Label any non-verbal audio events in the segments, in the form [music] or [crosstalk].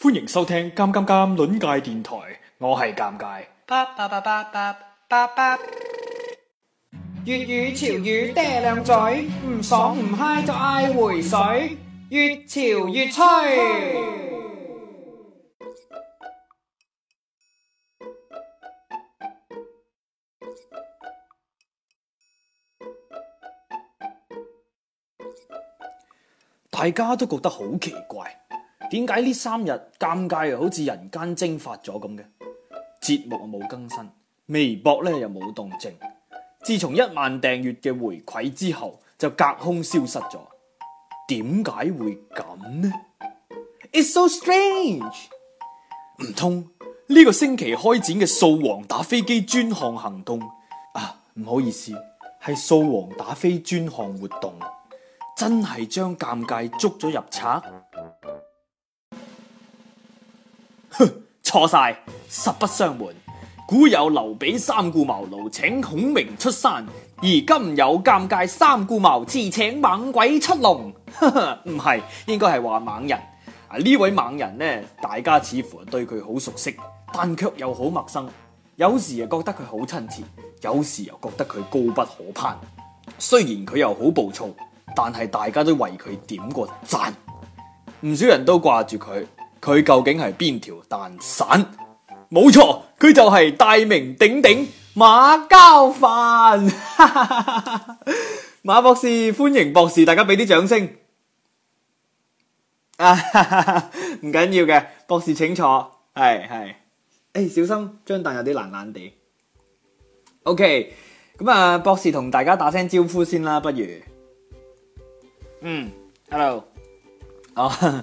歡迎收聽《尷尷尷》鄰界電台，我係尷尬。粵語潮語爹靚嘴，唔爽唔嗨就嗌回水，越潮越吹。大家都覺得好奇怪。點解呢三日尷尬又好似人間蒸發咗咁嘅？節目冇更新，微博咧又冇動靜。自從一萬訂閱嘅回饋之後，就隔空消失咗。點解會咁呢？It's so strange！唔通呢個星期開展嘅掃黃打飛機專項行動啊？唔好意思，係掃黃打非專項活動，真係將尷尬捉咗入冊。錯晒，實不相瞞，古有劉備三顧茅廬請孔明出山，而今有尷尬三顧茅廁請猛鬼出籠，唔 [laughs] 係，應該係話猛人。啊呢位猛人呢，大家似乎對佢好熟悉，但卻又好陌生。有時又覺得佢好親切，有時又覺得佢高不可攀。雖然佢又好暴躁，但係大家都為佢點過讚，唔少人都掛住佢。佢究竟係邊條蛋散？冇錯，佢就係大名鼎鼎馬交飯。馬博士，歡迎博士，大家俾啲掌聲。唔緊要嘅，博士請坐。係係，誒小心張凳有啲爛爛地。OK，咁啊，博士同大家打聲招呼先啦，不如。嗯，hello。哦。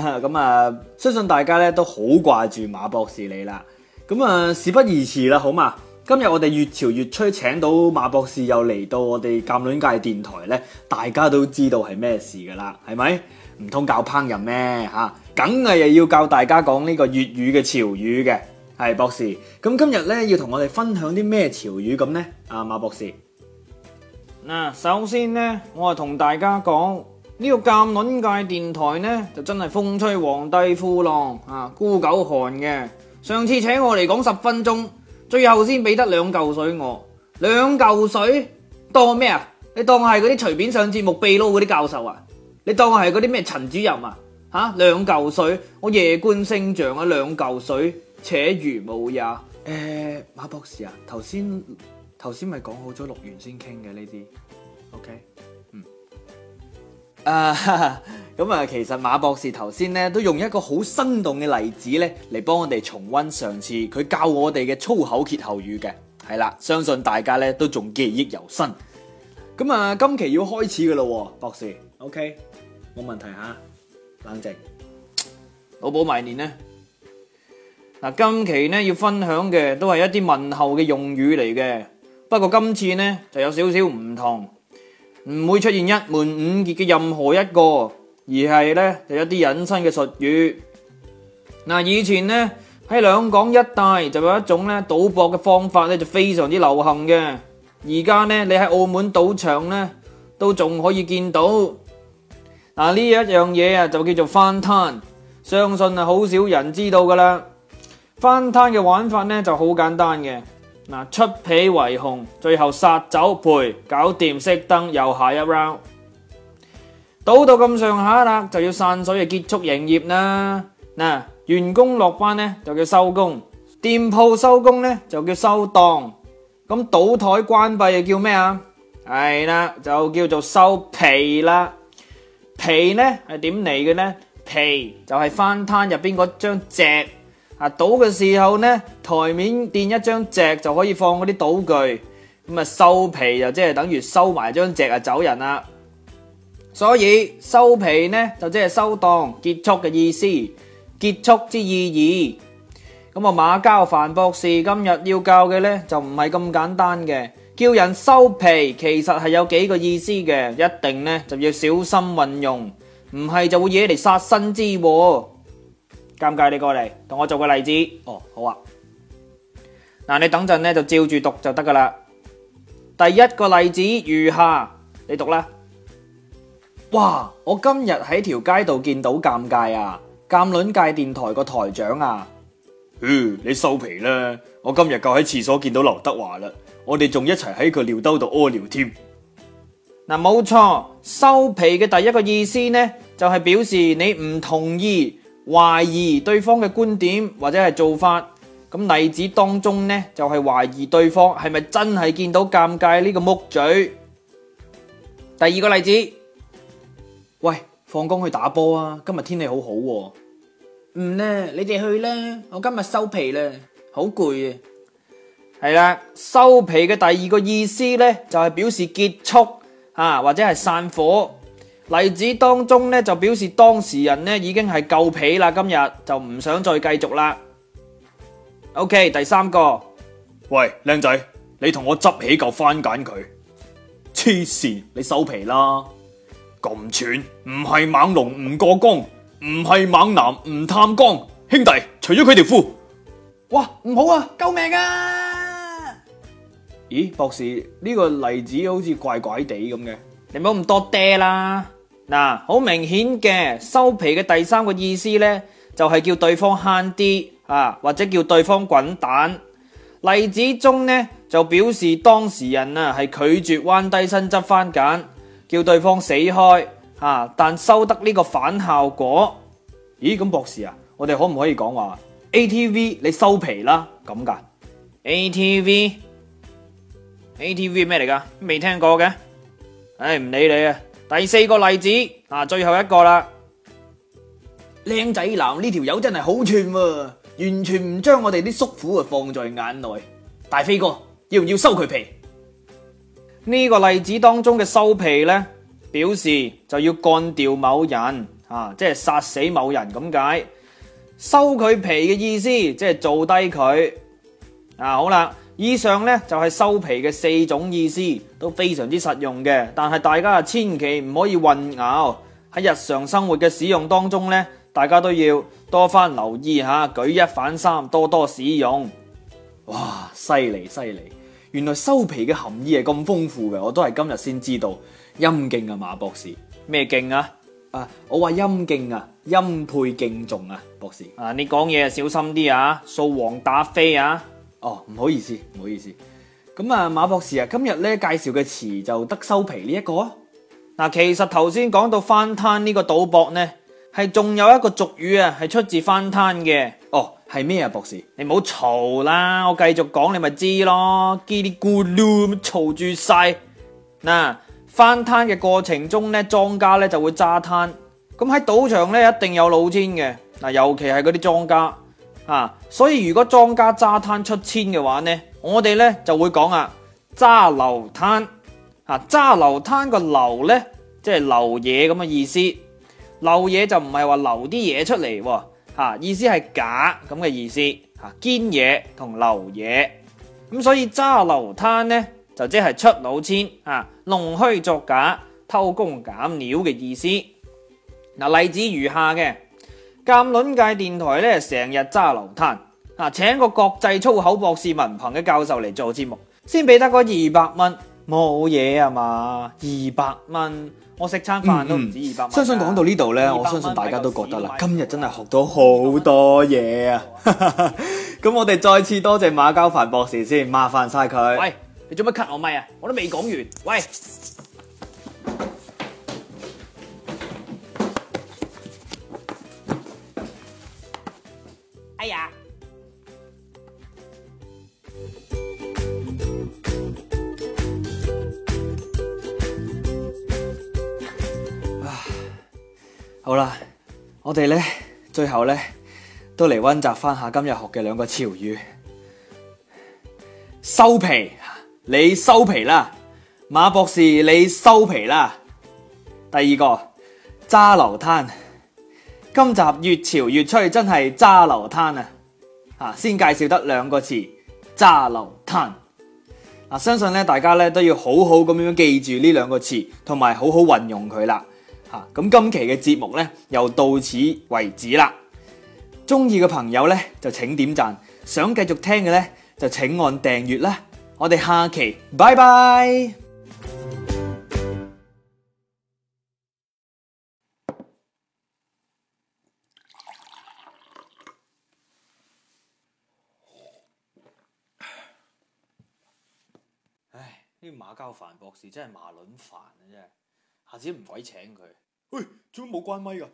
咁 [laughs] 啊，相信大家咧都好掛住馬博士你啦。咁啊，事不宜遲啦，好嘛？今日我哋粵潮粵吹請到馬博士又嚟到我哋鑒論界電台咧，大家都知道係咩事噶啦，係咪？唔通教烹飪咩吓？梗係又要教大家講呢個粵語嘅潮語嘅，係博士。咁今日咧要同我哋分享啲咩潮語咁呢？啊，馬博士。嗱，首先咧，我係同大家講。呢個監論界電台呢就真係風吹皇帝褲浪啊，孤狗寒嘅。上次請我嚟講十分鐘，最後先俾得兩嚿水我，兩嚿水當咩啊？你當係嗰啲隨便上節目秘佬嗰啲教授啊？你當係嗰啲咩陳主任啊？吓，啊，兩嚿水，我夜觀星象啊，兩嚿水且如無也。誒，馬博士啊，頭先頭先咪講好咗錄完先傾嘅呢啲，OK。啊，咁啊，其實馬博士頭先咧都用一個好生動嘅例子咧，嚟幫我哋重溫上次佢教我哋嘅粗口歇後語嘅，係啦，相信大家咧都仲記憶猶新。咁啊，今期要開始嘅咯，博士，OK，冇問題吓，冷靜，老保埋年呢。嗱，今期咧要分享嘅都係一啲問候嘅用語嚟嘅，不過今次咧就有少少唔同。唔會出現一門五傑嘅任何一個，而係呢，就有啲隱身嘅術語。嗱，以前呢，喺兩廣一帶就有一種呢賭博嘅方法呢，就非常之流行嘅。而家呢，你喺澳門賭場呢，都仲可以見到。嗱，呢一樣嘢啊就叫做翻攤，相信係好少人知道噶啦。翻攤嘅玩法呢，就好簡單嘅。嗱，出皮為紅，最後殺走賠，搞掂，熄燈，又下一 round，賭到咁上下啦，就要散水就，結束營業啦。嗱，員工落班咧就叫收工，店鋪收工咧就叫收檔，咁賭台關閉又叫咩啊？係啦，就叫做收皮啦。皮咧係點嚟嘅咧？皮就係翻攤入邊嗰張席。啊賭嘅時候呢，台面墊一張席就可以放嗰啲賭具，咁啊收皮就即係等於收埋張席啊走人啦。所以收皮呢就即係收檔結束嘅意思，結束之意義。咁啊馬交凡博士今日要教嘅呢就唔係咁簡單嘅，叫人收皮其實係有幾個意思嘅，一定呢就要小心運用，唔係就會惹嚟殺身之禍。尷尬，你過嚟同我做個例子。哦，好啊。嗱、啊，你等陣咧就照住讀就得噶啦。第一個例子如下，你讀啦。哇，我今日喺條街度見到尷尬啊！鑒卵界電台個台長啊，哼、呃，你收皮啦！我今日夠喺廁所見到劉德華啦，我哋仲一齊喺個尿兜度屙尿添。嗱、啊，冇錯，收皮嘅第一個意思呢，就係、是、表示你唔同意。懷疑對方嘅觀點或者係做法，咁例子當中呢就係懷疑對方係咪真係見到尷尬呢個木嘴。第二個例子，喂，放工去打波啊！今日天氣好好喎。唔呢，你哋去啦，我今日收皮啦，好攰啊。係啦，收皮嘅第二個意思呢就係表示結束啊，或者係散伙。例子當中咧就表示當事人咧已經係夠皮啦，今日就唔想再繼續啦。OK，第三個。喂，靚仔，你同我執起嚿番鹼佢黐線，你收皮啦。咁串唔係猛龍唔過江，唔係猛男唔探江，兄弟除咗佢條褲哇唔好啊，救命啊！咦，博士呢個例子好似怪怪地咁嘅，你冇咁多爹啦。嗱，好、啊、明顯嘅收皮嘅第三個意思咧，就係、是、叫對方慳啲啊，或者叫對方滾蛋。例子中呢就表示當事人啊係拒絕彎低身執番簡，叫對方死開啊，但收得呢個反效果。咦，咁博士啊，我哋可唔可以講話 ATV 你收皮啦咁噶？ATV，ATV 係咩嚟噶？未聽過嘅，唉、哎，唔理你啊。第四個例子啊，最後一個啦，靚仔男呢條友真係好串喎，啊，完全唔將我哋啲叔父啊放在眼內。大飛哥要唔要收佢皮？呢個例子當中嘅收皮呢，表示就要幹掉某人啊，即係殺死某人咁解。收佢皮嘅意思即係做低佢啊，好啦。以上咧就係、是、收皮嘅四種意思都非常之實用嘅，但係大家啊千祈唔可以混淆喺日常生活嘅使用當中咧，大家都要多番留意下，舉一反三，多多使用。哇，犀利犀利，原來收皮嘅含義係咁豐富嘅，我都係今日先知道。陰莖啊，馬博士，咩勁啊？啊，我話陰莖啊，陰佩敬重啊，博士。啊，你講嘢小心啲啊，掃黃打飛啊！哦，唔好意思，唔好意思。咁啊，馬博士啊，今日咧介紹嘅詞就得收皮呢一個啊。嗱，其實頭先講到翻攤呢個賭博咧，係仲有一個俗語啊，係出自翻攤嘅。哦，係咩啊，博士？你唔好嘈啦，我繼續講，你咪知咯。嘰哩咕嚕嘈住晒。嗱、啊，翻攤嘅過程中咧，莊家咧就會揸攤。咁喺賭場咧一定有老千嘅。嗱，尤其係嗰啲莊家。啊，所以如果莊家揸攤出千嘅話呢，我哋呢就會講啊揸流攤，啊揸流攤個流呢，即係流嘢咁嘅意思，流嘢就唔係話留啲嘢出嚟，吓、啊、意思係假咁嘅意思，吓堅嘢同流嘢，咁所以揸流攤呢就即係出老千，啊弄虛作假、偷工減料嘅意思，嗱、啊、例子如下嘅。辯論界電台咧成日揸流攤啊，請個國際粗口博士文憑嘅教授嚟做節目，先俾得個二百蚊，冇嘢啊嘛，二百蚊，我食餐飯都唔止二百蚊。相信講到呢度咧，200 元 我相信大家都覺得啦，今日真係學到好多嘢啊！咁 [laughs] 我哋再次多謝馬交凡博士先，麻煩晒佢。喂，你做乜 cut 我咪啊？我都未講完。喂。好啦，我哋咧最後咧都嚟溫習翻下今日學嘅兩個潮語。收皮，你收皮啦，馬博士你收皮啦。第二個渣流灘，今集粵潮粵吹，真係渣流灘啊！吓，先介紹得兩個詞渣流灘。嗱，相信咧大家咧都要好好咁樣記住呢兩個詞，同埋好好運用佢啦。咁今期嘅節目呢，又到此為止啦。中意嘅朋友呢，就請點讚；想繼續聽嘅呢，就請按訂閱啦。我哋下期拜拜。唉，呢馬交凡博士真係馬卵煩啊！真係。下次唔鬼請佢，喂，做咩冇關咪㗎？